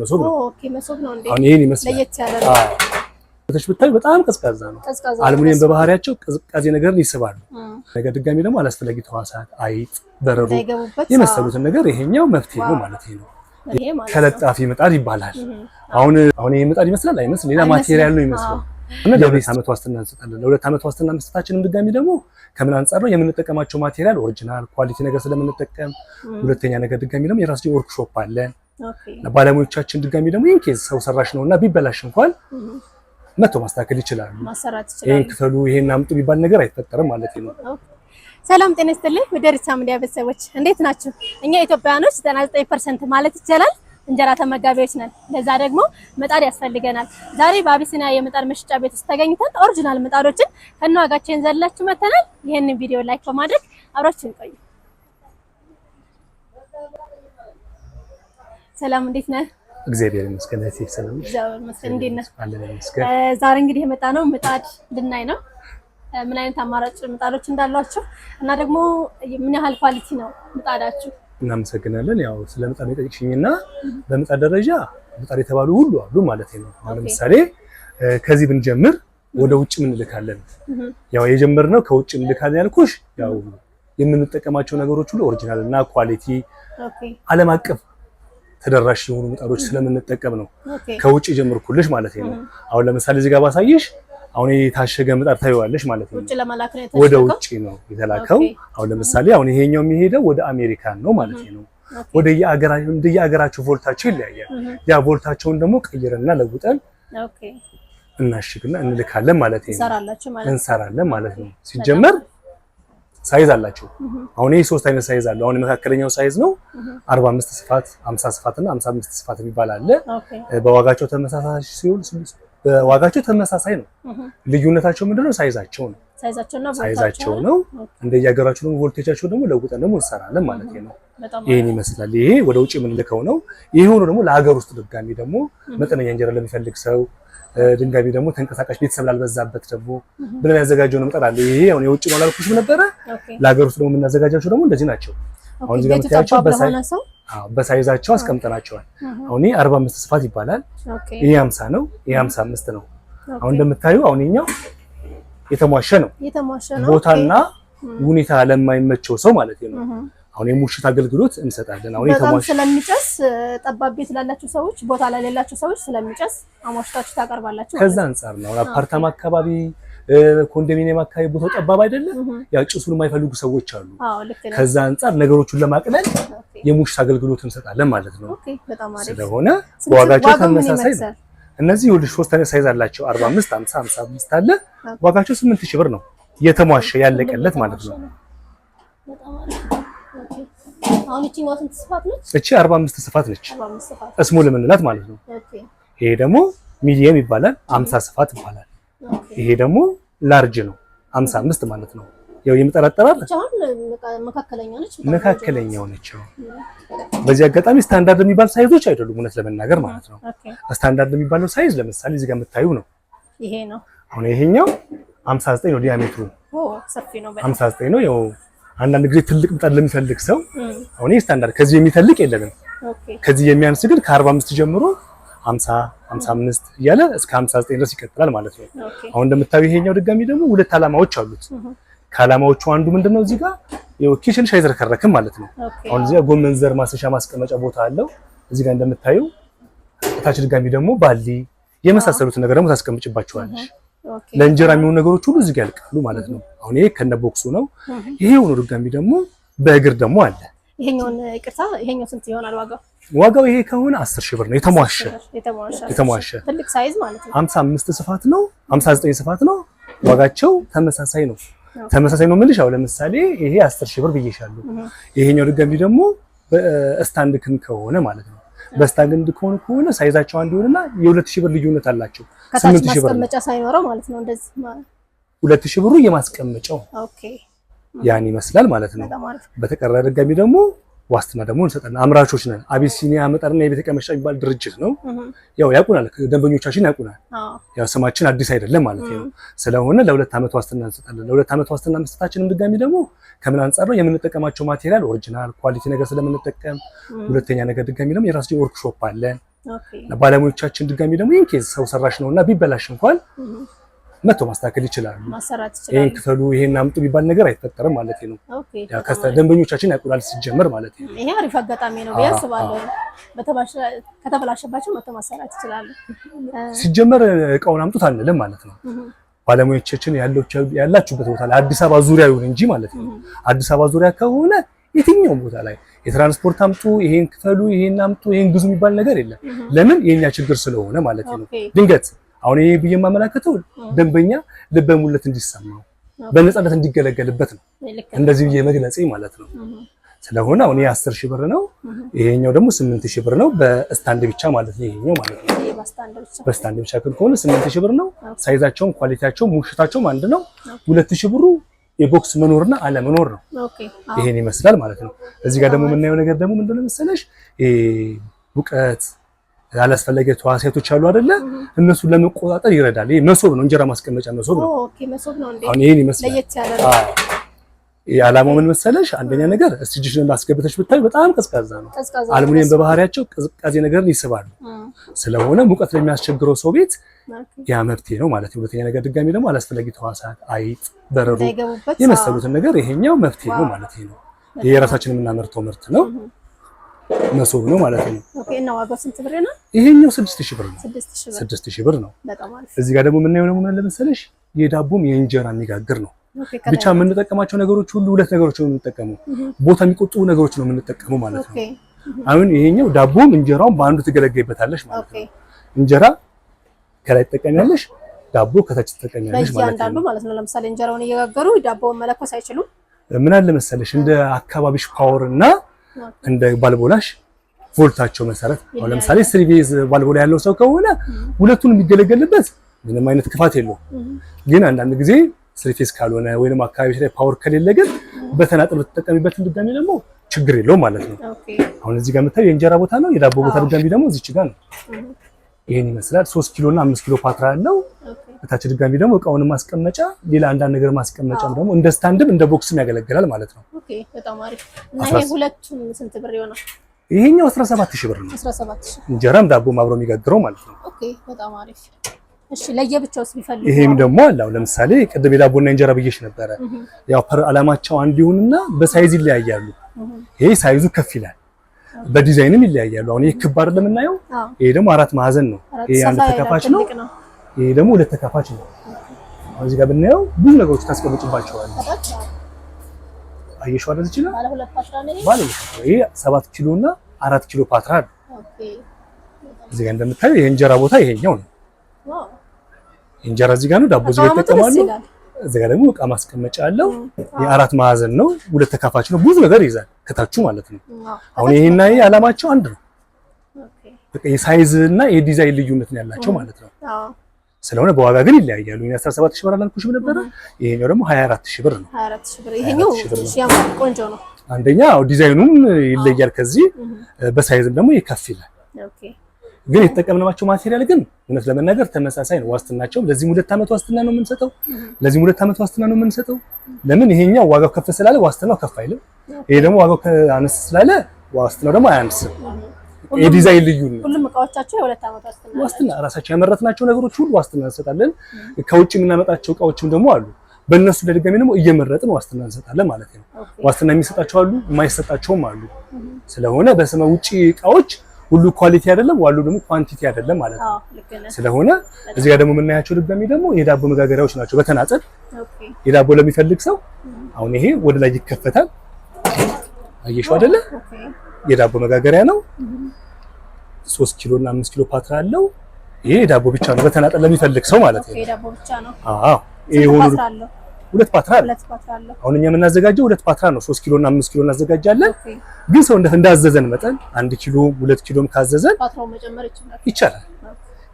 መሶብ ነው። ኦኬ ይመስላል። ብታዩ በጣም ቀዝቃዛ ነው። አልሙኒየም በባህሪያቸው ቅዝቃዜ ነገርን ይስባሉ። ነገር ድጋሚ ደግሞ አላስፈላጊ ተዋሳት፣ አይጥ፣ በረሮ የመሰሉትን ነገር ይሄኛው መፍትሄ ነው ማለት ነው። ተለጣፊ ምጣድ ይባላል። አሁን አሁን ይሄ ምጣድ ይመስላል አይመስል ሌላ ማቴሪያል ነው ይመስላል እና ለሁለት ዓመት ዋስትና እንሰጣለን። ለሁለት ዓመት ዋስትና መስጠታችንም ድጋሚ ደግሞ ከምን አንጻር ነው የምንጠቀማቸው ማቴሪያል ኦሪጂናል ኳሊቲ ነገር ስለምንጠቀም፣ ሁለተኛ ነገር ድጋሚ ደግሞ የራስ ወርክሾፕ አለን ባለሙያዎቻችን ድጋሚ ደግሞ ይህን ኬዝ ሰው ሰራሽ ነውና ቢበላሽ እንኳን መቶ ማስተካከል ይችላሉ። ይህን ክፈሉ፣ ይሄን አምጡ የሚባል ነገር አይፈጠርም ማለት ነው። ሰላም ጤና ይስጥልኝ። ወደ ሪሳ ሚዲያ ቤተሰቦች እንዴት ናችሁ? እኛ ኢትዮጵያውያኖች 99% ማለት ይቻላል እንጀራ ተመጋቢዎች ነን። ለዛ ደግሞ ምጣድ ያስፈልገናል። ዛሬ በአቢሲኒያ የምጣድ መሸጫ ቤት ውስጥ ተገኝተን ኦሪጂናል ምጣዶችን ከነዋጋቸው ይዘንላችሁ መተናል። ይህንን ቪዲዮ ላይክ በማድረግ አብራችሁን ቆዩ። ሰላም እንዴት ነህ? እግዚአብሔር ይመስገን። ሰላም እግዚአብሔር እንዴት ነህ? ዛሬ እንግዲህ የመጣ ነው ምጣድ ልናይ ነው። ምን አይነት አማራጭ ምጣዶች እንዳሏችሁ እና ደግሞ ምን ያህል ኳሊቲ ነው ምጣዳችሁ። እናመሰግናለን። ያው ስለ ምጣድ የጠየቅሽኝና በምጣድ ደረጃ ምጣድ የተባሉ ሁሉ አሉ ማለት ነው። ለምሳሌ ከዚህ ብንጀምር ወደ ውጭ እንልካለን። ያው የጀመርነው ከውጭ እንልካለን ያልኩሽ ያው የምንጠቀማቸው ነገሮች ሁሉ ኦሪጂናል እና ኳሊቲ ዓለም አቀፍ ተደራሽ የሆኑ ምጣዶች ስለምንጠቀም ነው። ከውጭ ጀምርኩልሽ ማለት ነው። አሁን ለምሳሌ እዚህ ጋር ባሳይሽ አሁን የታሸገ ምጣድ ታይዋለሽ ማለት ነው። ወደ ውጭ ነው የተላከው። አሁን ለምሳሌ አሁን ይሄኛው የሚሄደው ወደ አሜሪካ ነው ማለት ነው። ወደ የአገራቸው ቮልታቸው ይለያያል። ያ ቮልታቸውን ደግሞ ቀይረና ለውጠን እናሽግና እንልካለን ማለት ነው። እንሰራለን ማለት ነው ሲጀመር ሳይዝ አላቸው። አሁን ይህ ሶስት አይነት ሳይዝ አለው። አሁን የመካከለኛው ሳይዝ ነው 45 ስፋት፣ 50 ስፋት እና 55 ስፋት የሚባል አለ። በዋጋቸው ተመሳሳይ ሲሆን በዋጋቸው ተመሳሳይ ነው። ልዩነታቸው ምንድነው? ሳይዛቸው ነው። ሳይዛቸው ነው። እንደየሀገራችሁ ደግሞ ቮልቴጃቸው ደግሞ ለውጠን ደግሞ እንሰራለን ማለት ነው። ይህን ይመስላል። ይሄ ወደ ውጭ የምንልከው ነው። ይህ ሆኖ ደግሞ ለሀገር ውስጥ ድጋሚ ደግሞ መጠነኛ እንጀራ ለሚፈልግ ሰው ድንጋቢ ደግሞ ተንቀሳቃሽ ቤተሰብ ላልበዛበት ደግሞ ብለን ያዘጋጀው ነው። መጠን አለ። ይሄ አሁን የውጭ ነው ላልኩሽም ነበረ። ለሀገር ውስጥ ደግሞ የምናዘጋጃቸው ደግሞ እንደዚህ ናቸው። አሁን እዚህ ጋር የምታያቸው በሳይዛቸው አስቀምጠናቸዋል። አሁን ይሄ አምስት ስፋት ይባላል። ይሄ ሀምሳ ነው። ይሄ አምስት ነው። አሁን እንደምታዩ አሁን ኛው የተሟሸ ነው። ቦታና ሁኔታ ለማይመቸው ሰው ማለት ነው። አሁን የሙሽት አገልግሎት እንሰጣለን። አሁን የተሟሸ ስለሚጨስ ጠባብ ቤት ላላችሁ ሰዎች፣ ቦታ ለሌላችሁ ሰዎች ስለሚጨስ አሟሽታችሁ ታቀርባላችሁ። ከዛ አንጻር ነው አፓርታማ አካባቢ ኮንዶሚኒየም አካባቢ ቦታው ጠባብ አይደለም። ያው ጭሱን የማይፈልጉ ሰዎች አሉ። ከዛ አንጻር ነገሮቹን ለማቅለል የሙሽት አገልግሎት እንሰጣለን ማለት ነው። ስለሆነ በዋጋቸው ተመሳሳይ ነው። እነዚህ ይኸውልሽ ሶስት አይነት ሳይዝ አላቸው 45፣ 50፣ 55 አለ። ዋጋቸው 8000 ብር ነው የተሟሸ ያለቀለት ማለት ነው። እቺ 45 ስፋት ነች፣ እስሞል የምንላት ማለት ነው። ይሄ ደግሞ ሚዲየም ይባላል፣ 50 ስፋት ይባላል። ይሄ ደግሞ ላርጅ ነው፣ 55 ማለት ነው። ያው የምጠር አጠራር መካከለኛ ነች መካከለኛው ነች። በዚህ አጋጣሚ ስታንዳርድ የሚባል ሳይዞች አይደሉም እውነት ለመናገር ማለት ነው። ስታንዳርድ የሚባለው ሳይዝ ለምሳሌ እዚህ ጋር የምታዩ ነው ይሄ ነው። አሁን ይሄኛው 59 ነው ዲያሜትሩ፣ ሰፊ ነው። 59 ነው። ያው አንዳንድ ጊዜ ትልቅ ምጣድ ለሚፈልግ ሰው አሁን ይሄ ስታንዳርድ ከዚህ የሚተልቅ የለንም። ከዚህ የሚያንስ ግን ከ45 ጀምሮ 50 55 እያለ እስከ 59 ድረስ ይቀጥላል ማለት ነው። አሁን እንደምታዩ ይሄኛው ድጋሚ ደግሞ ሁለት አላማዎች አሉት ከዓላማዎቹ አንዱ ምንድን ነው? እዚህ ጋር ኪችንሽ አይዝረከረክም ማለት ነው። አሁን እዚህ ጋር ጎመን ዘር ማሰሻ ማስቀመጫ ቦታ አለው። እዚህ ጋር እንደምታዩ እታች ድጋሚ ደግሞ ባሊ የመሳሰሉትን ነገር ደግሞ ታስቀምጭባቸዋለሽ። ለእንጀራ የሚሆኑ ነገሮች ሁሉ እዚህ ጋር ያልቃሉ ማለት ነው። አሁን ይሄ ከነ ቦክሱ ነው። ይሄ ሆኖ ድጋሚ ደግሞ በእግር ደግሞ አለ። ይሄኛውን ቅርታ፣ ይሄኛው ስንት ይሆናል ዋጋው? ዋጋው ይሄ ከሆነ 10 ሺህ ብር ነው። የተሟሸ የተሟሸ ትልቅ ሳይዝ ማለት ነው። 55 ስፋት ነው፣ 59 ስፋት ነው። ዋጋቸው ተመሳሳይ ነው። ተመሳሳይ ነው የምልሽ። አሁን ለምሳሌ ይሄ አስር ሺህ ብር ብዬሻለሁ። ይሄኛው ድጋሚ ደግሞ ስታንድ ከሆነ ማለት ነው በስታንድ ከሆኑ ከሆነ ሳይዛቸው አንድ ይሆንና የሁለት ሺህ ብር ልዩነት አላቸው። ስምንት ሺህ ብር ማስቀመጫ ሳይኖረው ማለት ነው። እንደዚህ ሁለት ሺህ ብሩ የማስቀመጫው ኦኬ፣ ያን ይመስላል ማለት ነው። በተቀራ ድጋሚ ደግሞ ዋስትና ደግሞ እንሰጣለን። አምራቾች ነን። አቢሲኒያ መጠርና የቤተ ዕቃ መሸጫ የሚባል ድርጅት ነው። ያው ያቁናል፣ ደንበኞቻችን ያቁናል። ያው ስማችን አዲስ አይደለም ማለት ነው። ስለሆነ ለሁለት ዓመት ዋስትና እንሰጣለን። ለሁለት ዓመት ዋስትና መስጠታችን ድጋሚ ደግሞ ከምን አንጻር ነው የምንጠቀማቸው ማቴሪያል ኦሪጂናል ኳሊቲ ነገር ስለምንጠቀም፣ ሁለተኛ ነገር ድጋሚ ደግሞ የራሳችን ወርክሾፕ አለን። ባለሙያዎቻችን ድጋሚ ደግሞ ይህን ኬዝ ሰው ሰራሽ ነውና ቢበላሽ እንኳን መቶ ማስተካከል ይችላሉ። ይሄን ክፈሉ፣ ይሄን አምጡ ቢባል ነገር አይፈጠርም ማለት ነው። ደንበኞቻችን ያቁላል ሲጀመር ማለት ነው። ይሄ አሪፍ አጋጣሚ ነው ብዬ አስባለሁ። ከተበላሸባቸው መቶ ማሰራት ይችላሉ። ሲጀመር እቃውን አምጡት አንልም ማለት ነው። ባለሙያዎቻችን ያላችሁበት ቦታ ላይ አዲስ አበባ ዙሪያ ይሁን እንጂ ማለት ነው። አዲስ አበባ ዙሪያ ከሆነ የትኛውም ቦታ ላይ የትራንስፖርት አምጡ፣ ይሄን ክፈሉ፣ ይሄን አምጡ፣ ይሄን ግዙ የሚባል ነገር የለም። ለምን የኛ ችግር ስለሆነ ማለት ነው። ድንገት አሁን ይሄ ብዬ የማመላከተው ደንበኛ ልበ ሙሉነት እንዲሰማው በነፃነት እንዲገለገልበት ነው። እንደዚህ ብዬ መግለጽ ማለት ነው። ስለሆነ አሁን ይሄ 10 ሺህ ብር ነው። ይሄኛው ደግሞ 8 ሺህ ብር ነው። በስታንድ ብቻ ማለት ነው። ይሄኛው ማለት ነው በስታንድ ብቻ ከሆነ 8 ሺህ ብር ነው። ሳይዛቸውም ኳሊቲያቸውም ሙሽታቸውም አንድ ነው። 2 ሺህ ብሩ የቦክስ መኖርና አለመኖር ነው። ይሄን ይመስላል ማለት ነው። እዚህ ጋር ደግሞ የምናየው ነገር ደግሞ ምንድነው መሰለሽ ይሄ ያላስፈለገ ተዋሴቶች አሉ አይደለ? እነሱን ለመቆጣጠር ይረዳል። ይሄ መሶብ ነው፣ እንጀራ ማስቀመጫ መሶብ ነው። ኦኬ መሶብ ነው እንዴ? አሁን ይሄን ይመስላል። የዓላማው ምን መሰለሽ? አንደኛ ነገር እጅሽን አስገብተሽ ብታይ በጣም ቀዝቃዛ ነው። አልሙኒየም በባህሪያቸው ቅዝቃዜ ነገርን ይስባሉ። ስለሆነ ሙቀት ለሚያስቸግረው ሰው ቤት ያ መፍትሄ ነው ማለት ነው። ሁለተኛ ነገር ድጋሚ ደግሞ አላስፈላጊ ተዋሳት አይጥ፣ በረሮ የመሰሉትን ነገር ይሄኛው መፍትሄ ነው ማለት ነው። የራሳችን የምናመርተው ምርት ነው። መሶብ ነው ማለት ነው። ኦኬ። እና ዋጋው ስንት ብር ነው? ይሄኛው 6000 ብር ነው። 6000 ብር ነው። እዚህ ጋር ደግሞ የምናየው ደግሞ ምን ለመሰለሽ የዳቦም የእንጀራ የሚጋግር ነው። ብቻ የምንጠቀማቸው ነገሮች ሁሉ ሁለት ነገሮች ነው የምንጠቀመው፣ ቦታ የሚቆጥቡ ነገሮች ነው የምንጠቀመው ማለት ነው። አሁን ይሄኛው ዳቦም እንጀራውን በአንዱ ትገለገይበታለሽ ማለት ነው። እንጀራ ከላይ ትጠቀሚያለሽ፣ ዳቦ ከታች ትጠቀሚያለሽ ማለት ነው። ለምሳሌ እንጀራውን እየጋገሩ ዳቦውን መለኮስ አይችሉም። ምን አለ መሰለሽ እንደ አካባቢሽ ፓወር እና እንደ ባልቦላሽ ቮልታቸው መሰረት አሁን ለምሳሌ ስሪ ባልቦላ ያለው ሰው ከሆነ ሁለቱን የሚገለገልበት ምንም አይነት ክፋት የለውም። ግን አንዳንድ ጊዜ ስሪ ፌዝ ካልሆነ ወይንም አካባቢ ላይ ፓወር ከሌለ ግን በተናጠል በተጠቀሚበት ድጋሚ ደግሞ ችግር የለውም ማለት ነው። አሁን እዚህ ጋር የምታዩ የእንጀራ ቦታ ነው፣ የዳቦ ቦታ ድጋሚ ደግሞ እዚች ጋር ነው። ይሄን ይመስላል። ሶስት ኪሎ እና አምስት ኪሎ ፓትራ ያለው በታች ድጋሚ ደግሞ እቃውን ማስቀመጫ ሌላ አንዳንድ ነገር ማስቀመጫም ደግሞ እንደ ስታንድም እንደ ቦክስም ያገለግላል ማለት ነው። ኦኬ በጣም አሪፍ። ሁለቱም ስንት ብር ይሆናል? ይሄኛው ብር ነው። እንጀራም ዳቦም አብሮ የሚጋግረው ማለት ነው። በጣም አሪፍ። ይሄም ደግሞ አለ። ለምሳሌ ቅድም የዳቦና እንጀራ ብዬሽ ነበረ። ያው ፐር አላማቸው አንድ ይሁንና በሳይዝ ይለያያሉ። ይሄ ሳይዙ ከፍ ይላል። በዲዛይንም ይለያያሉ። አሁን ይሄ ክብ አይደለም የምናየው። ይሄ ደግሞ አራት ማዕዘን ነው። ይሄ አንድ ተከፋች ነው። ይሄ ደግሞ ሁለት ተካፋች ነው። አሁን እዚህ ጋር ብናየው ብዙ ነገሮች ታስቀምጭባቸዋል። አየሽው አይደል? ይችላል ባለ ሁለት ይሄ ሰባት ኪሎ እና አራት ኪሎ ፓትራ ነው። እዚህ ጋር እንደምታየው የእንጀራ ቦታ ይሄኛው ነው። ዋው! እንጀራ እዚህ ጋር ነው። ዳቦ እዚህ ጋር ይጠቀማሉ። እዚህ ጋር ደግሞ እቃ ማስቀመጫ አለው። የአራት ማዕዘን ነው። ሁለት ተካፋች ነው። ብዙ ነገር ይዛል ከታቹ ማለት ነው። አሁን ይሄና ይሄ አላማቸው አንድ ነው። ኦኬ። በቃ የሳይዝ እና የዲዛይን ልዩነት ነው ያላቸው ማለት ነው። አዎ ስለሆነ በዋጋ ግን ይለያያሉ። ይሄ 17 ሺህ ብር አላልኩሽም ነበረ? ይሄኛው ደግሞ 24 ሺህ ብር ነው። 24 ሺህ ብር ይሄኛው ቆንጆ ነው። አንደኛ ዲዛይኑም ይለያል ከዚህ በሳይዝም ደግሞ ይከፍ ይላል። ግን የተጠቀምንባቸው ማቴሪያል ግን እውነት ለመናገር ተመሳሳይ ነው። ዋስትናቸው ለዚህም ሁለት ዓመት ዋስትና ነው የምንሰጠው፣ ለዚህም ሁለት ዓመት ዋስትና ነው የምንሰጠው። ለምን ይሄኛው ዋጋው ከፍ ስላለ ዋስትናው ከፍ አይልም። ይሄ ደግሞ ዋጋው አነስ ስላለ ዋስትናው ደግሞ አያንስም። የዲዛይን ልዩ ነው። ሁሉም እቃዎቻቸው የሁለት ዓመት ዋስትና ራሳቸው ያመረትናቸው ነገሮች ሁሉ ዋስትና እንሰጣለን። ከውጭ የምናመጣቸው እቃዎችም ደግሞ አሉ። በእነሱ ለድጋሚ ደግሞ እየመረጥን ዋስትና እንሰጣለን ማለት ነው። ዋስትና የሚሰጣቸው አሉ፣ የማይሰጣቸውም አሉ። ስለሆነ በስመ ውጭ እቃዎች ሁሉ ኳሊቲ አይደለም፣ ዋሉ ደግሞ ኳንቲቲ አይደለም ማለት ነው። ስለሆነ እዚህ ጋር ደግሞ የምናያቸው ድጋሚ ደግሞ የዳቦ መጋገሪያዎች ናቸው። በተናጠል የዳቦ ለሚፈልግ ሰው አሁን ይሄ ወደ ላይ ይከፈታል። አየሽው አይደለ? የዳቦ መጋገሪያ ነው። ሶስት ኪሎ እና አምስት ኪሎ ፓትራ አለው። ይሄ ዳቦ ብቻ ነው በተናጠል ለሚፈልግ ሰው ማለት ነው። ዳቦ ብቻ ነው። አዎ ይሄ ሁለት ፓትራ አለ። አሁን እኛ የምናዘጋጀው ሁለት ፓትራ ነው። ሶስት ኪሎ እና 5 ኪሎ እናዘጋጃለን። ግን ሰው እንዳዘዘን መጠን 1 ኪሎ 2 ኪሎም ካዘዘን ይቻላል።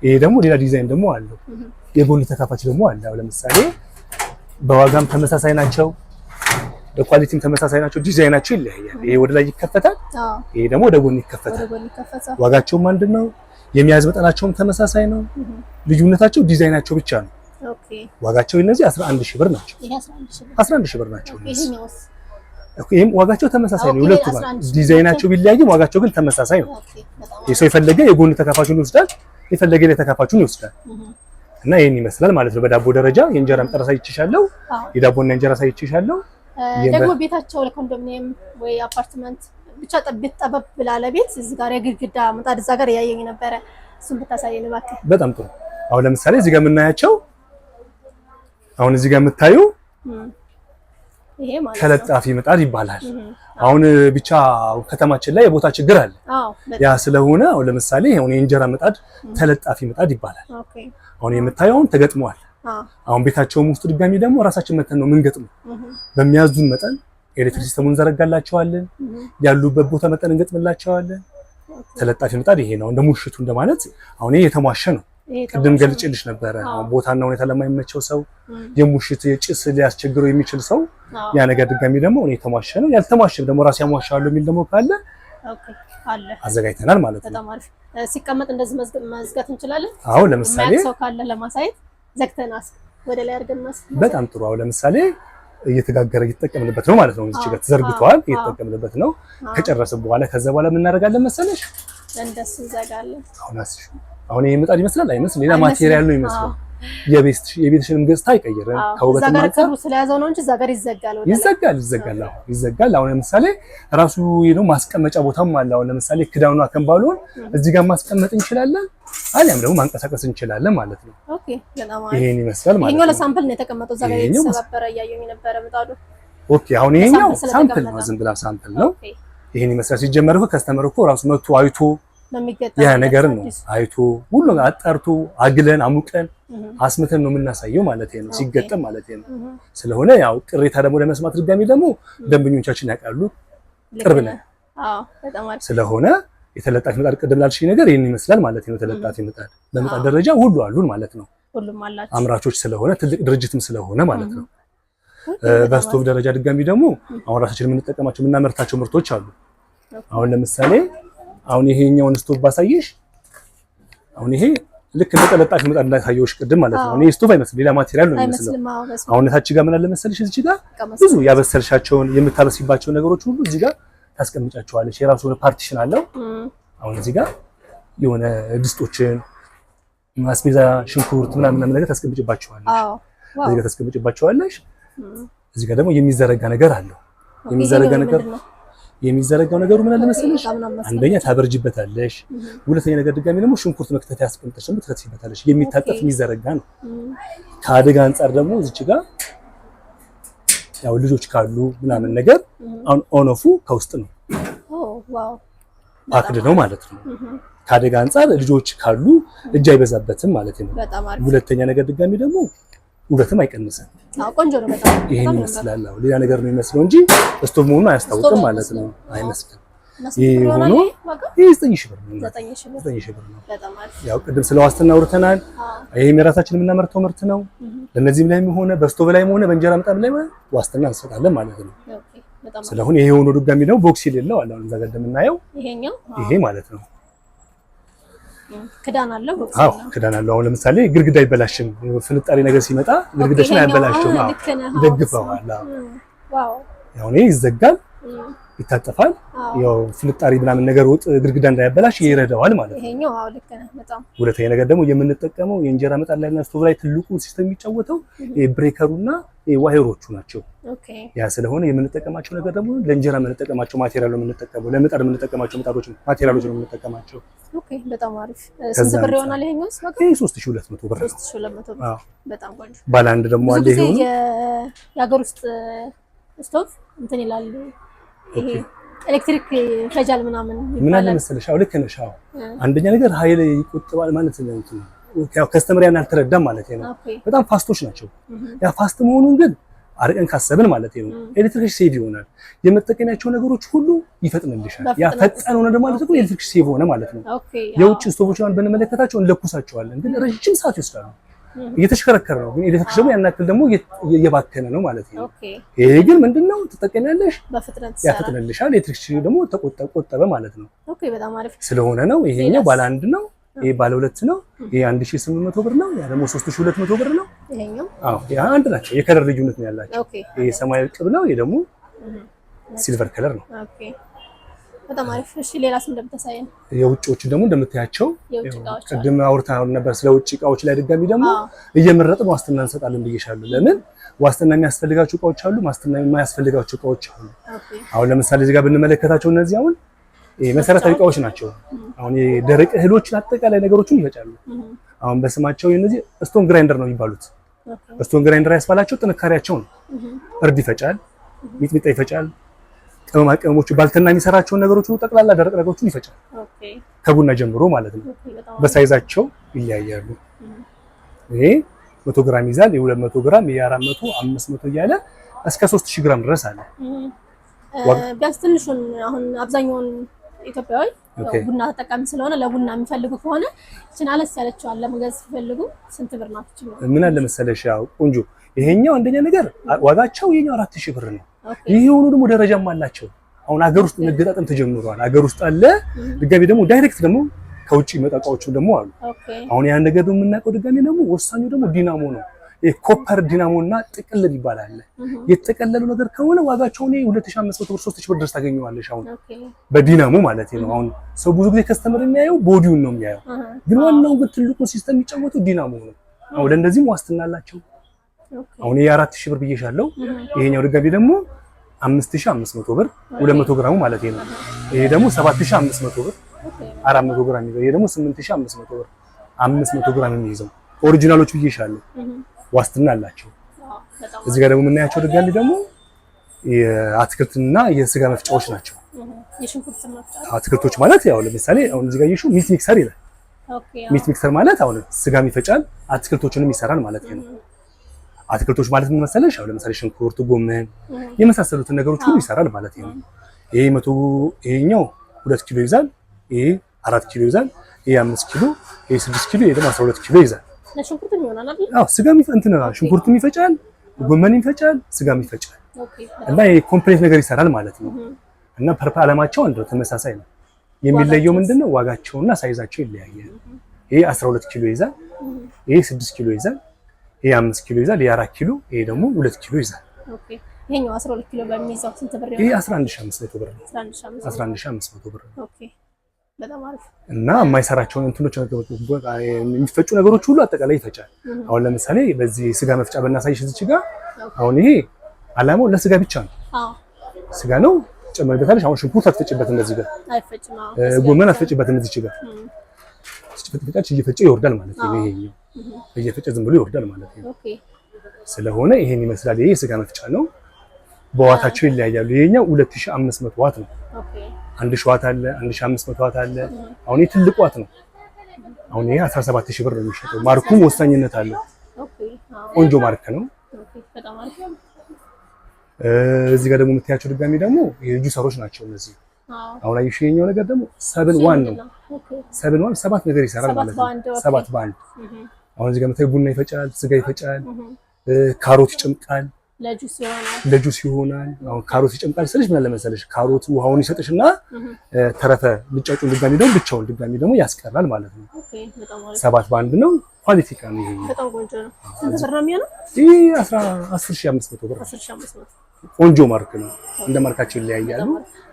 ይሄ ደግሞ ሌላ ዲዛይን ደግሞ አለው። የጎን ተካፋች ደግሞ አለ። ለምሳሌ በዋጋም ተመሳሳይ ናቸው። ኳሊቲም ተመሳሳይ ናቸው። ዲዛይናቸው ይለያያል። ይሄ ወደ ላይ ይከፈታል፣ ይሄ ደግሞ ወደ ጎን ይከፈታል። ዋጋቸውም አንድ ነው። የሚያዝ መጠናቸውም ተመሳሳይ ነው። ልዩነታቸው ዲዛይናቸው ብቻ ነው። ዋጋቸው እነዚህ 11 ሺህ ብር ናቸው። 11 ሺህ ብር ናቸው። ይህም ዋጋቸው ተመሳሳይ ነው። ሁለቱ ዲዛይናቸው ቢለያይም ዋጋቸው ግን ተመሳሳይ ነው። የሰው የፈለገ የጎን ተካፋቹን ይወስዳል፣ የፈለገ ላይ ተካፋቹን ይወስዳል። እና ይህን ይመስላል ማለት ነው። በዳቦ ደረጃ የእንጀራ መጠራ ሳይችሻለው የዳቦና እንጀራ ሳይችሻለው ደግሞ ቤታቸው ለኮንዶሚኒየም ወይ አፓርትመንት ብቻ ቤት ጠበብ ብላለ ቤት እዚህ ጋር የግድግዳ ምጣድ እዛ ጋር እያየኝ ነበረ። እሱን ብታሳየ ልባክ። በጣም ጥሩ። አሁን ለምሳሌ እዚህ ጋር የምናያቸው አሁን እዚህ ጋር የምታዩ ተለጣፊ ምጣድ ይባላል። አሁን ብቻ ከተማችን ላይ የቦታ ችግር አለ። ያ ስለሆነ አሁን ለምሳሌ የእንጀራ ምጣድ ተለጣፊ ምጣድ ይባላል። አሁን የምታየውን ተገጥመዋል አሁን ቤታቸውም ውስጥ ድጋሚ ደግሞ ራሳችን መተን ነው የምንገጥመው። በሚያዙን መጠን ኤሌክትሪክ ሲስተሙን እንዘረጋላቸዋለን። ያሉበት ቦታ መጠን እንገጥምላቸዋለን። ተለጣፊ ምጣድ ይሄ ነው እንደ ሙሽቱ እንደማለት። አሁን ይሄ የተሟሸ ነው። ቅድም ገልጭልሽ ነበረ። አሁን ቦታና ሁኔታ ለማይመቸው ሰው የሙሽት የጭስ ሊያስቸግረው የሚችል ሰው ያ ነገር ድጋሚ ደግሞ እኔ የተሟሸ ነው ያልተሟሸ ደግሞ ራሴ ያሟሸዋለሁ የሚል ደግሞ ካለ አዘጋጅተናል ማለት ነው። ሲቀመጥ እንደዚህ መዝጋት እንችላለን። አዎ ለምሳሌ ሰው ካለ ለማሳየት ዘግተን ወደ ላይ አድርገን በጣም ጥሩ። አሁን ለምሳሌ እየተጋገረ እየተጠቀምንበት ነው ማለት ነው። እዚህ ጋር ተዘርግቷል፣ እየተጠቀምንበት ነው። ከጨረሰ በኋላ ከዛ በኋላ ምን እናደርጋለን መሰለሽ? እንደሱ እንዘጋለን። አሁን ይሄ ምጣድ ይመስላል አይመስል ሌላ ማቴሪያል ነው ይመስላል የቤትሽንም ገጽታ አይቀይርም። ከውበት ስለያዘው ነው እንጂ እዛ ጋር ይዘጋል ይዘጋል ይዘጋል ይዘጋል። አሁን ለምሳሌ ራሱ ነው ማስቀመጫ ቦታም አለ። አሁን ለምሳሌ ክዳኑ አከንባሉን እዚህ ጋር ማስቀመጥ እንችላለን፣ አሊያም ደግሞ ማንቀሳቀስ እንችላለን ማለት ነው። ኦኬ ይሄን ይመስላል ማለት ነው። ይሄኛው ለሳምፕል ነው የተቀመጠው። እዛ ጋር የተሰባበረ እያየሁኝ ነበረ ምጣዱ። ኦኬ አሁን ይሄኛው ሳምፕል ነው፣ ዝም ብላ ሳምፕል ነው። ይሄን ይመስላል። ሲጀመር እኮ ከስተመር እኮ ራሱ መጥቶ አይቶ ያ ነገር ነው አይቶ ሁሉ አጣርቶ አግለን አሙቀን አስምተን ነው የምናሳየው ማለት ነው፣ ሲገጠም ማለት ነው። ስለሆነ ያው ቅሬታ ደግሞ ለመስማት ድጋሚ ደግሞ ደንበኞቻችን ያውቃሉ፣ ቅርብ ነን ስለሆነ የተለጣፊ ምጣድ ቅድም ላልሽ ነገር ይህን ይመስላል ማለት ነው። የተለጣፊ ምጣድ በምጣድ ደረጃ ሁሉ አሉን ማለት ነው። አምራቾች ስለሆነ ትልቅ ድርጅትም ስለሆነ ማለት ነው። በስቶቭ ደረጃ ድጋሚ ደግሞ አሁን ራሳችን የምንጠቀማቸው የምናመርታቸው ምርቶች አሉ። አሁን ለምሳሌ አሁን ይሄኛውን ስቶቭ ባሳየሽ፣ አሁን ይሄ ልክ እንደ ተለጣፊ መጣ እንዳሳየውሽ ቅድም ማለት ነው። እኔ ስቶቭ አይመስልም፣ ሌላ ማቴሪያል ነው የሚመስለው። አሁን እታች ጋር ምን አለ መሰልሽ፣ እዚህ ጋር ብዙ ያበሰልሻቸውን የምታበስይባቸውን ነገሮች ሁሉ እዚህ ጋር ታስቀምጫቸዋለሽ። የራሱ የሆነ ፓርቲሽን አለው። አሁን እዚህ ጋር የሆነ ድስቶችን፣ አስቤዛ፣ ሽንኩርት ምናምን ነገር ታስቀምጭባቸዋለሽ። እዚህ ጋር ታስቀምጭባቸዋለሽ። እዚህ ጋር ደግሞ የሚዘረጋ ነገር አለው። የሚዘረጋ ነገር የሚዘረጋው ነገሩ ምን አለ መሰለሽ፣ አንደኛ ታበርጅበታለሽ፣ ሁለተኛ ነገር ድጋሚ ደግሞ ሽንኩርት መክተት ያስቀምጠሽ ደግሞ ትከትፊበታለሽ። የሚታጠፍ የሚዘረጋ ነው። ከአደጋ አንጻር ደግሞ እዚች ጋር ያው ልጆች ካሉ ምናምን ነገር አሁን ኦኖፉ ከውስጥ ነው ፓክድ ነው ማለት ነው። ከአደጋ አንጻር ልጆች ካሉ እጅ አይበዛበትም ማለት ነው። ሁለተኛ ነገር ድጋሚ ደግሞ ውበትም አይቀንስም። ቆንጆ ነው በጣም ይሄን ይመስላል። ሌላ ነገር ነው የሚመስለው እንጂ ስቶቭ መሆኑን አያስታውቅም ማለት ነው። አይመስልም። ይሄ ሆኖ ይሄ ዘጠኝ ሺህ ብር ነው። ዘጠኝ ሺህ ብር ነው። ያው ቅድም ስለ ዋስትና አውርተናል። ይሄም የራሳችን የምናመርተው ምርት ነው። ለእነዚህም ላይ ሆነ በስቶቭ ላይ ሆነ በእንጀራ ምጣድ ላይ ዋስትና እንሰጣለን ማለት ነው። ስለሆነ ይሄ ሆኖ ድጋሚ ደግሞ ቦክስ የሌለው አለ። አሁን እዛ ጋር እንደምናየው ይሄ ማለት ነው ክዳን አለው። አዎ ክዳን አለው። አሁን ለምሳሌ ግድግዳ አይበላሽም። ፍንጣሪ ነገር ሲመጣ ግድግዳችን አይበላሽም። አዎ ደግፈዋል። ይዘጋል ይታጠፋል። ያው ፍንጣሪ ምናምን ነገር ወጥ ግድግዳ እንዳያበላሽ ይረዳዋል ማለት ነው። ይሄኛው አዎ ልክ ነህ በጣም ሁለተኛ ነገር ደግሞ የምንጠቀመው የእንጀራ ምጣድ ላይና ስቶቭ ላይ ትልቁ ሲስተም የሚጫወተው ብሬከሩና ዋይሮቹ ናቸው። ያ ስለሆነ የምንጠቀማቸው ነገር ደግሞ ለእንጀራ የምንጠቀማቸው ማቴሪያል ነው የምንጠቀመው፣ ለምጣድ የምንጠቀማቸው ምጣዶች ማቴሪያሎች ነው የምንጠቀማቸው። ኦኬ በጣም አሪፍ። ስንት ብር ይሆናል ይሄኛው? ሦስት ሺህ ብር። ሦስት ሺህ ሁለት መቶ በጣም ቆንጆ። ባለ አንድ ደግሞ አለ። ይሄው የሀገር ውስጥ ስቶቭ እንትን ይላሉ ኤሌክትሪክ ይፈጃል ምናምን ምን አለ መሰለሽ፣ አዎ ልክ ነሽ። አዎ አንደኛ ነገር ኃይል ይቆጥባል ማለት ነው። ያው ከስተመር ያን አልተረዳም ማለት ነው። በጣም ፋስቶች ናቸው። ያ ፋስት መሆኑን ግን አርቀን ካሰብን ማለት ነው ኤሌክትሪክ ሴቭ ይሆናል። የመጠቀሚያቸው ነገሮች ሁሉ ይፈጥንልሻል። ያ ፈጣን ሆነ ማለት ነው ኤሌክትሪክ ሴቭ ሆነ ማለት ነው። የውጭ ብንመለከታቸው እንለኩሳቸዋለን፣ ግን ረጅም ሰዓት እየተሽከረከረ ነው። ግን ኤሌክትሪክ ደግሞ ያን ያክል ደግሞ እየባከነ ነው ማለት ነው። ይሄ ግን ምንድነው ትጠቀሚያለሽ፣ ያፈጥነልሻል። ኤሌክትሪክ ደግሞ ተቆጠበ ማለት ነው። ኦኬ፣ በጣም አሪፍ ስለሆነ ነው ይሄኛው ባለ አንድ ነው፣ ይሄ ባለ ሁለት ነው። ይሄ 1800 ብር ነው፣ ያ ደግሞ 3200 ብር ነው። ይሄኛው አዎ ያ አንድ ናቸው። የከለር ልዩነት ነው ያላቸው። ይሄ ሰማያዊ ቅብ ነው፣ ይሄ ደግሞ ሲልቨር ከለር ነው። ኦኬ በጣም አሪፍ። እሺ ሌላስ እንደምታሳየን? የውጭዎቹ ደግሞ እንደምታያቸው ቅድም አውርታ ነበር ስለ ውጭ እቃዎች ላይ ድጋሚ ደግሞ እየመረጥን ዋስትና እንሰጣለን ብዬሻሉ። ለምን ዋስትና የሚያስፈልጋቸው እቃዎች አሉ፣ ዋስትና የማያስፈልጋቸው እቃዎች አሉ። አሁን ለምሳሌ እዚህ ጋር ብንመለከታቸው እነዚህ አሁን መሰረታዊ እቃዎች ናቸው። አሁን የደረቅ እህሎችን አጠቃላይ ነገሮችን ይፈጫሉ። አሁን በስማቸው እነዚህ ስቶን ግራይንደር ነው የሚባሉት። ስቶን ግራይንደር ያስባላቸው ጥንካሬያቸው ነው። እርድ ይፈጫል፣ ሚጥሚጣ ይፈጫል ቅመማ ቅመሞቹ ባልትና የሚሰራቸውን ነገሮች ሁሉ ጠቅላላ ደረቅ ነገሮችን ይፈጫል። ከቡና ጀምሮ ማለት ነው። በሳይዛቸው ይለያያሉ። ይሄ መቶ ግራም ይዛል። የሁለት መቶ ግራም የአራት መቶ አምስት መቶ እያለ እስከ ሶስት ሺህ ግራም ድረስ አለ። ቢያንስ ትንሹን አሁን አብዛኛውን ኢትዮጵያዊ ቡና ተጠቃሚ ስለሆነ ለቡና የሚፈልጉ ከሆነ እችን አነስ ያለችዋን ለመግዛት ሲፈልጉ ስንት ብር ናት? ምን አለ መሰለሽ ያው ቆንጆ ይሄኛው አንደኛ ነገር ዋጋቸው ይሄኛው አራት ሺህ ብር ነው። ይሄ ሆኖ ደግሞ ደረጃም አላቸው። አሁን ሀገር ውስጥ መገጣጠም ተጀምሯል። ሀገር ውስጥ አለ፣ ድጋሜ ደግሞ ዳይሬክት ደግሞ ከውጭ ይመጣ ደግሞ አሉ። አሁን ያን ነገር ደግሞ የምናውቀው ድጋሜ ደግሞ ወሳኙ ደግሞ ዲናሞ ነው። የኮፐር ዲናሞ እና ጥቅልል ይባላል። የተጠቀለሉ ነገር ከሆነ ዋጋቸው ነው 2500 ብር 3000 ብር ድረስ ታገኘዋለሽ። አሁን በዲናሞ ማለት ነው። አሁን ሰው ብዙ ጊዜ ከስተመር የሚያየው ቦዲውን ነው የሚያየው፣ ግን ዋናው ግን ትልቁ ሲስተም የሚጫወተው ዲናሞ ነው። አሁን ለእንደዚህም ዋስትና አላቸው። አሁን የ4000 ብር ብዬሻለሁ። ይሄኛው ድጋሜ ደግሞ 5500 ብር 200 ግራሙ ማለት ነው። ይሄ ደግሞ 7500 ብር 400 ግራም ይዘው፣ ይሄ ደግሞ 8500 ብር 500 ግራም የሚይዘው ኦሪጂናሎቹ ይሻላል፣ ዋስትና አላቸው። እዚህ ጋር ደግሞ የምናያቸው ድጋሚ ደግሞ የአትክልትና የስጋ መፍጫዎች ናቸው። አትክልቶች ማለት ያው ለምሳሌ አሁን እዚህ ጋር ሚት ሚክሰር ይላል። ሚት ሚክሰር ማለት አሁን ስጋም ይፈጫል አትክልቶችንም ይሰራል ማለት ነው። አትክልቶች ማለት ምን መሰለሽ፣ አሁን ለምሳሌ ሽንኩርት፣ ጎመን የመሳሰሉትን ነገሮች ሁሉ ይሰራል ማለት ነው። ይሄ መቶ ይሄኛው ሁለት ኪሎ ይዛል፣ ይሄ አራት ኪሎ ይዛል፣ ይሄ አምስት ኪሎ፣ ይሄ ስድስት ኪሎ፣ ይሄ ደግሞ አስራ ሁለት ኪሎ ይዛል። አዎ ስጋም እንትን ሽንኩርትም ይፈጫል፣ ጎመን ይፈጫል፣ ስጋም ይፈጫል እና ይሄ ኮምፕሌት ነገር ይሰራል ማለት ነው። እና ፐርፓ አለማቸው አንድ ተመሳሳይ ነው። የሚለየው ምንድነው? ዋጋቸውና ሳይዛቸው ይለያያል። ይሄ 12 ኪሎ ይዛል፣ ይሄ 6 ኪሎ ይዛል ይሄ አምስት ኪሎ ይዛል። ይሄ አራት ኪሎ፣ ይሄ ደግሞ ሁለት ኪሎ ይዛል። ኦኬ ይሄኛው 12 ኪሎ በሚይዛው ስንት ብር ነው? ይሄ 11500 ብር ነው። 11500 ብር ነው። እና የማይሰራቸውን እንትኖች የሚፈጩ ነገሮች ሁሉ አጠቃላይ ይፈጫል። አሁን ለምሳሌ በዚህ ስጋ መፍጫ በናሳይሽ እዚች ጋር አሁን ይሄ አላማው ለስጋ ብቻ ነው። ስጋ ነው ጨምርበታለሽ። አሁን ሽንኩርት አትፈጭበት እንደዚህ ጋር ጎመን አትፈጭበት እንደዚህ ጋር ስትፈጭ እየፈጨ ይወርዳል ማለት ነው ይሄኛው እየፈጨ ዝም ብሎ ይወርዳል ማለት ነው። ስለሆነ ይሄን ይመስላል። ይሄ የስጋ መፍጫ ነው። በዋታቸው ይለያያሉ። ይሄኛው 2500 ዋት ነው። አንድ ሺህ ዋት አለ፣ መቶ ዋት አለ። አሁን ይሄ ትልቅ ዋት ነው። አሁን ይሄ 17000 ብር ነው የሚሸጠው። ማርኩም ወሳኝነት አለው። ቆንጆ ማርክ ነው። እዚህ ጋር ደግሞ የምታያቸው ድጋሚ ደግሞ የጁሰሮች ናቸው እነዚህ። አሁን ላይ ይሽኛው ነገር ደግሞ ሰብን ዋን ነው። ሰብን ዋን ሰባት ነገር ይሰራል ማለት ነው። ሰባት በአንድ አሁን እዚህ ጋር ቡና ይፈጫል፣ ስጋ ይፈጫል፣ ካሮት ይጨምቃል፣ ለጁስ ይሆናል። አሁን ካሮት ይጨምቃል ስልሽ ምን አለ ካሮት ውሃውን ይሰጥሽና ተረፈ ልጫጩን ድጋሚ ደግሞ ብቻውን ድጋሚ ደግሞ ያስቀራል ማለት ነው። ሰባት በአንድ ነው። ኳሊቲ ቃ ነው። ይሄ አስር ሺህ አምስት መቶ ብር ቆንጆ ማርክ ነው። እንደ ማርካቸው ይለያያሉ።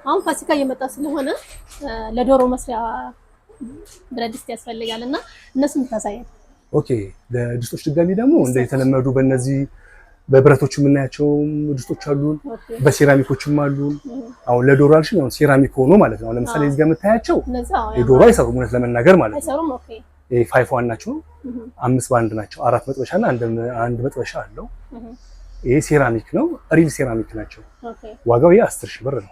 አሁን ፋሲካ እየመጣ ስለሆነ ለዶሮ መስሪያ ብረት ድስት ያስፈልጋል እና እነሱን ታሳያል ኦኬ። ለድስቶች ድጋሚ ደግሞ እንደ የተለመዱ በእነዚህ በብረቶች የምናያቸውም ድስቶች አሉን፣ በሴራሚኮችም አሉን። አሁን ለዶሮ አልሽኝ፣ አሁን ሴራሚክ ሆኖ ማለት ነው። ለምሳሌ እዚህ ጋር የምታያቸው የዶሮ አይሰሩም፣ እውነት ለመናገር ማለት ነው። ፋይፍ ዋን ናቸው፣ አምስት በአንድ ናቸው። አራት መጥበሻ እና አንድ መጥበሻ አለው። ይሄ ሴራሚክ ነው፣ ሪል ሴራሚክ ናቸው። ዋጋው ይሄ አስር ሺህ ብር ነው።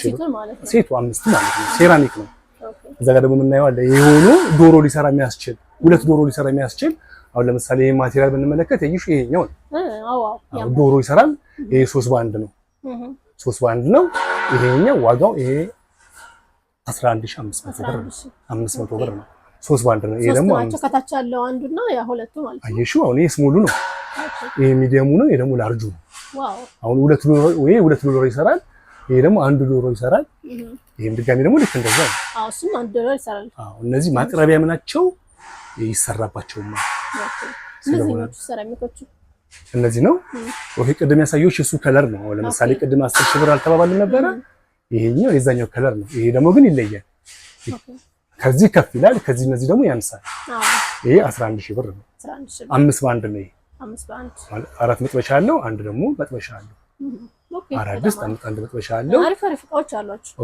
ሴቱ አምስት ማለት ነው፣ ሴራሚክ ነው። እዛ ጋር ደግሞ የምናየው አለ የሆኑ ዶሮ ሊሰራ የሚያስችል ሁለት ዶሮ ሊሰራ የሚያስችል አሁን ለምሳሌ ይሄ ማቴሪያል ብንመለከት ይሽ ይሄኛው ነው ዶሮ ይሰራል። ይሄ ሶስት ባንድ ነው ሶስት ባንድ ነው። ይሄኛው ዋጋው ይሄ 11500 ብር ነው 500 ብር ነው። ሶስት ባንድ ነው። ይሄ ደግሞ ከታች ያለው አንዱና ያ ሁለቱ ማለት ነው። አየሽው አሁን ይሄ ስሙሉ ነው፣ ይሄ ሚዲየሙ ነው፣ ይሄ ደግሞ ላርጁ ነው። አሁን ሁለት ዶሮ ይሄ ሁለት ዶሮ ይሰራል። ይሄ ደግሞ አንዱ ዶሮ ይሰራል። ይሄም ድጋሚ ደግሞ ልክ እንደዛ ነው። እሱም አንዱ ዶሮ ይሰራል። እነዚህ ማቅረቢያ ምናቸው ይሰራባቸውማ እነዚህ ነው። ይሄ ቅድም ያሳየሁሽ እሱ ከለር ነው። ለምሳሌ ቅድም አስር ሺህ ብር አልተባባልን ነበረ? ይሄኛው የዛኛው ከለር ነው። ይሄ ደግሞ ግን ይለያል። ከዚህ ከፍ ይላል፣ ከዚህ እነዚህ ደግሞ ያንሳል። ይሄ 11 ሺህ ብር ነው። አምስት በአንድ ነው። ይሄ አራት መጥበሻ አለው፣ አንድ ደግሞ መጥበሻ አለው። አራት ድስት አንድ መጥበሻ አለው።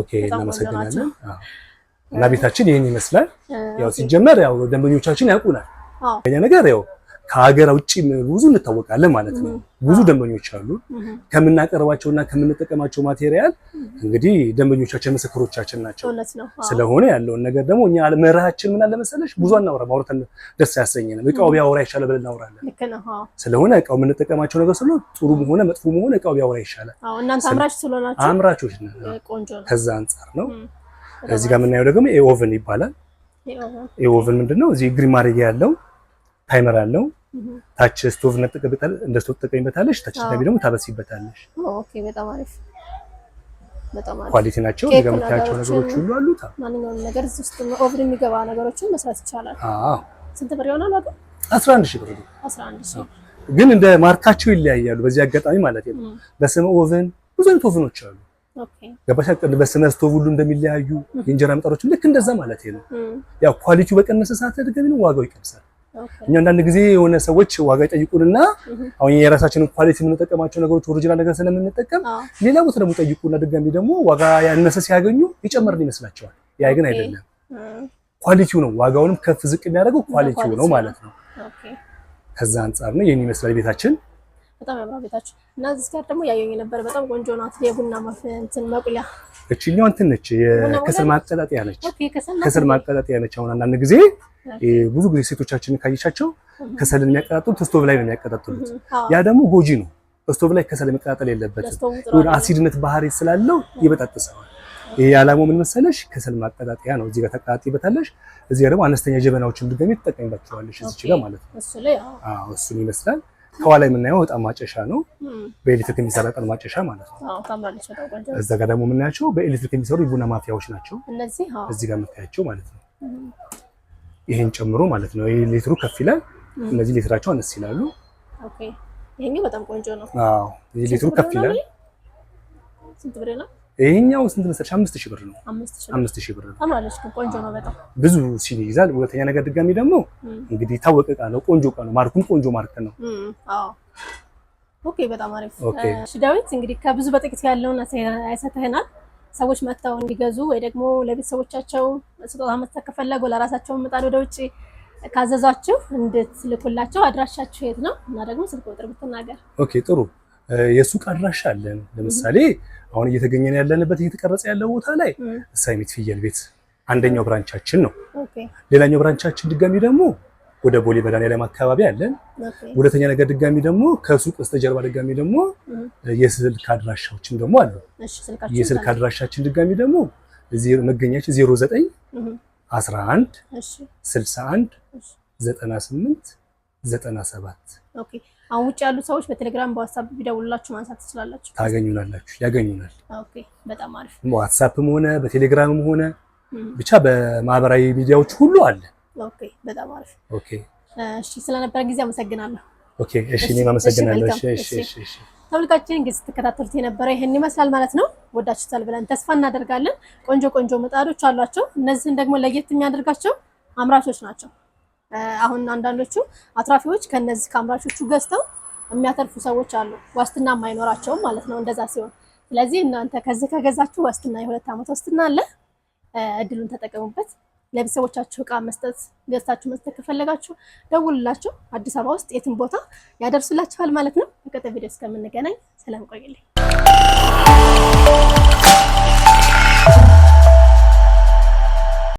ኦኬ፣ እናመሰግናለን። እና ቤታችን ይህን ይመስላል። ያው ሲጀመር ያው ደንበኞቻችን ያውቁናል። ከኛ ነገር ያው ከሀገር ውጭ ብዙ እንታወቃለን ማለት ነው። ብዙ ደንበኞች አሉ። ከምናቀርባቸውና ከምንጠቀማቸው ማቴሪያል እንግዲህ ደንበኞቻችን ምስክሮቻችን ናቸው። ስለሆነ ያለውን ነገር ደግሞ እኛ መርሃችን ምን አለ መሰለሽ፣ ብዙ አናውራ ማውራት ደስ አያሰኘንም። እቃው ቢያወራ ይሻለ ብለን እናወራለን። ስለሆነ እቃው የምንጠቀማቸው ነገር ስለ ጥሩ መሆነ መጥፎ መሆነ እቃው ቢያወራ ይሻላል። እናንተ አምራቾች ስለሆናችሁ አምራቾች ነን። ከዛ አንጻር ነው እዚህ ጋር የምናየው ደግሞ ኤኦቨን ይባላል። ኤኦቨን ምንድነው? እዚህ ግሪ ማድረግ ያለው ታይመር አለው። ታች ስቶቭ ነጥቀበታል፣ እንደ ስቶቭ ትጠቀሚበታለሽ። ታች ታቢ ደግሞ ታበስይበታለሽ። ኦኬ፣ በጣም አሪፍ በጣም ኳሊቲ ናቸው። እዚህ ጋር የምታያቸው ነገሮች ሁሉ አሉ። ማንኛውም ነገር እዚህ ውስጥ ኦቨን የሚገባ ነገሮችን መስራት ይቻላል። አዎ። ስንት ብር ይሆናል ዋጋው? 11000 ብር ነው። 11000 ግን እንደ ማርካቸው ይለያያሉ። በዚህ አጋጣሚ ማለት ነው በስም ኦቨን ብዙ አይነት ኦቨኖች አሉ። ገባሻ በስነ ስቶቭ ሁሉ እንደሚለያዩ የእንጀራ ምጣዶች ልክ እንደዛ ማለት ነው። ያው ኳሊቲው በቀነሰ ሰዓት ነው ዋጋው ይቀንሳል። እኛ አንዳንድ ጊዜ የሆነ ሰዎች ዋጋ ይጠይቁንና አሁን የራሳችንን ኳሊቲ የምንጠቀማቸው ነገሮች ኦሪጂናል ነገር ስለምንጠቀም ሌላ ቦታ ደግሞ ይጠይቁና ድጋሚ ደግሞ ዋጋ ያነሰ ሲያገኙ ይጨመርን ይመስላቸዋል። ያ ግን አይደለም። ኳሊቲው ነው ዋጋውንም ከፍ ዝቅ የሚያደርገው ኳሊቲው ነው ማለት ነው። ከዛ አንጻር ነው ይህን ይመስላል ቤታችን በጣም ያምራ ቤታችሁ እና እዚህ ጋር ደግሞ ያየኝ ነበር። በጣም ቆንጆ ናት። የቡና ማፍንትን መቁያ እችኛው እንትን ነች፣ የከሰል ማቀጣጠያ ነች። ከሰል ማቀጣጠያ ነች። አሁን አንዳንድ ጊዜ ብዙ ጊዜ ሴቶቻችን ካየቻቸው ከሰልን የሚያቀጣጥሉት ስቶቭ ላይ ነው የሚያቀጣጥሉት። ያ ደግሞ ጎጂ ነው። ስቶቭ ላይ ከሰል መቀጣጠል የለበትም። አሲድነት ባህሪ ስላለው ይበጣጥሰዋል። ይሄ ምን መሰለሽ? ከሰል ማቀጣጠያ ነው። እዚህ ጋር ተቀጣጥይበታለሽ። እዚህ ደግሞ አነስተኛ ጀበናዎችን ድጋሚ ትጠቀሚባቸዋለሽ። እዚህ ጋር ማለት ነው። እሱ ይመስላል ከኋላ የምናየው በጣም ማጨሻ ነው። በኤሌክትሪክ የሚሰራ ቀን ማጨሻ ማለት ነው። እዛ ጋር ደግሞ የምናያቸው በኤሌክትሪክ የሚሰሩ የቡና ማፍያዎች ናቸው። እዚህ ጋር የምታያቸው ማለት ነው። ይህን ጨምሮ ማለት ነው። ሌትሩ ከፍ ይላል። እነዚህ ሌትራቸው አነስ ይላሉ። ይሄኛው በጣም ቆንጆ ነው። ሌትሩ ከፍ ይላል። ስንት ብር ነው? ይሄኛው ስንት መሰለሽ? አምስት ሺህ ብር ነው። አምስት ሺህ ብር ነው። ቆንጆ ነው በጣም ብዙ ሲል ይዛል። ሁለተኛ ነገር ድጋሚ ደግሞ እንግዲህ ታወቀ ዕቃ ነው፣ ቆንጆ ዕቃ ነው። ማርኩም ቆንጆ ማርክ ነው። ኦኬ፣ በጣም አሪፍ። እሺ ዳዊት፣ እንግዲህ ከብዙ በጥቂት ያለውን አይሰተህናል። ሰዎች መጥተው እንዲገዙ ወይ ደግሞ ለቤተሰቦቻቸው ስጦታ መስጠት ከፈለጉ ለራሳቸው ምጣድ ወደ ውጭ ካዘዛችሁ እንድትልኩላቸው አድራሻችሁ የት ነው? እና ደግሞ ስልክ ቁጥር ብትናገር። ኦኬ ጥሩ የሱቅ አድራሻ አለን። ለምሳሌ አሁን እየተገኘን ያለንበት እየተቀረጸ ያለው ቦታ ላይ እሳሚት ፍየል ቤት አንደኛው ብራንቻችን ነው። ሌላኛው ብራንቻችን ድጋሚ ደግሞ ወደ ቦሊ በዳን ያለ አካባቢ አለን። ሁለተኛ ነገር ድጋሚ ደግሞ ከሱቅ በስተጀርባ ድጋሚ ደግሞ የስልክ አድራሻዎችን ደግሞ አሉ። የስልክ አድራሻችን ድጋሚ ደግሞ መገኛችን 09 11 61 98 97 አሁን ውጭ ያሉ ሰዎች በቴሌግራም በዋትሳፕ ቢደውሉላችሁ ማንሳት ትችላላችሁ፣ ታገኙናላችሁ፣ ያገኙናል። ኦኬ፣ በጣም አሪፍ። ዋትሳፕም ሆነ በቴሌግራምም ሆነ ብቻ በማህበራዊ ሚዲያዎች ሁሉ አለ። ኦኬ፣ በጣም አሪፍ። ኦኬ፣ እሺ፣ ስለነበረ ጊዜ አመሰግናለሁ። ኦኬ፣ እሺ፣ እኔም አመሰግናለሁ። እሺ፣ እሺ፣ እሺ። ተመልካችን እንግዲህ ስትከታተሉት የነበረ ይሄን ይመስላል ማለት ነው። ወዳችሁታል ብለን ተስፋ እናደርጋለን። ቆንጆ ቆንጆ ምጣዶች አሏቸው። እነዚህን ደግሞ ለየት የሚያደርጋቸው አምራቾች ናቸው። አሁን አንዳንዶቹ አትራፊዎች ከነዚህ ከአምራቾቹ ገዝተው የሚያተርፉ ሰዎች አሉ፣ ዋስትና የማይኖራቸውም ማለት ነው እንደዛ ሲሆን። ስለዚህ እናንተ ከዚህ ከገዛችሁ ዋስትና የሁለት ዓመት ዋስትና አለ። እድሉን ተጠቀሙበት። ለቤተሰቦቻችሁ እቃ መስጠት ገዝታችሁ መስጠት ከፈለጋችሁ ደውሉላቸው። አዲስ አበባ ውስጥ የትም ቦታ ያደርሱላችኋል ማለት ነው። በቀጣይ ቪዲዮ እስከምንገናኝ ሰላም ቆይልኝ።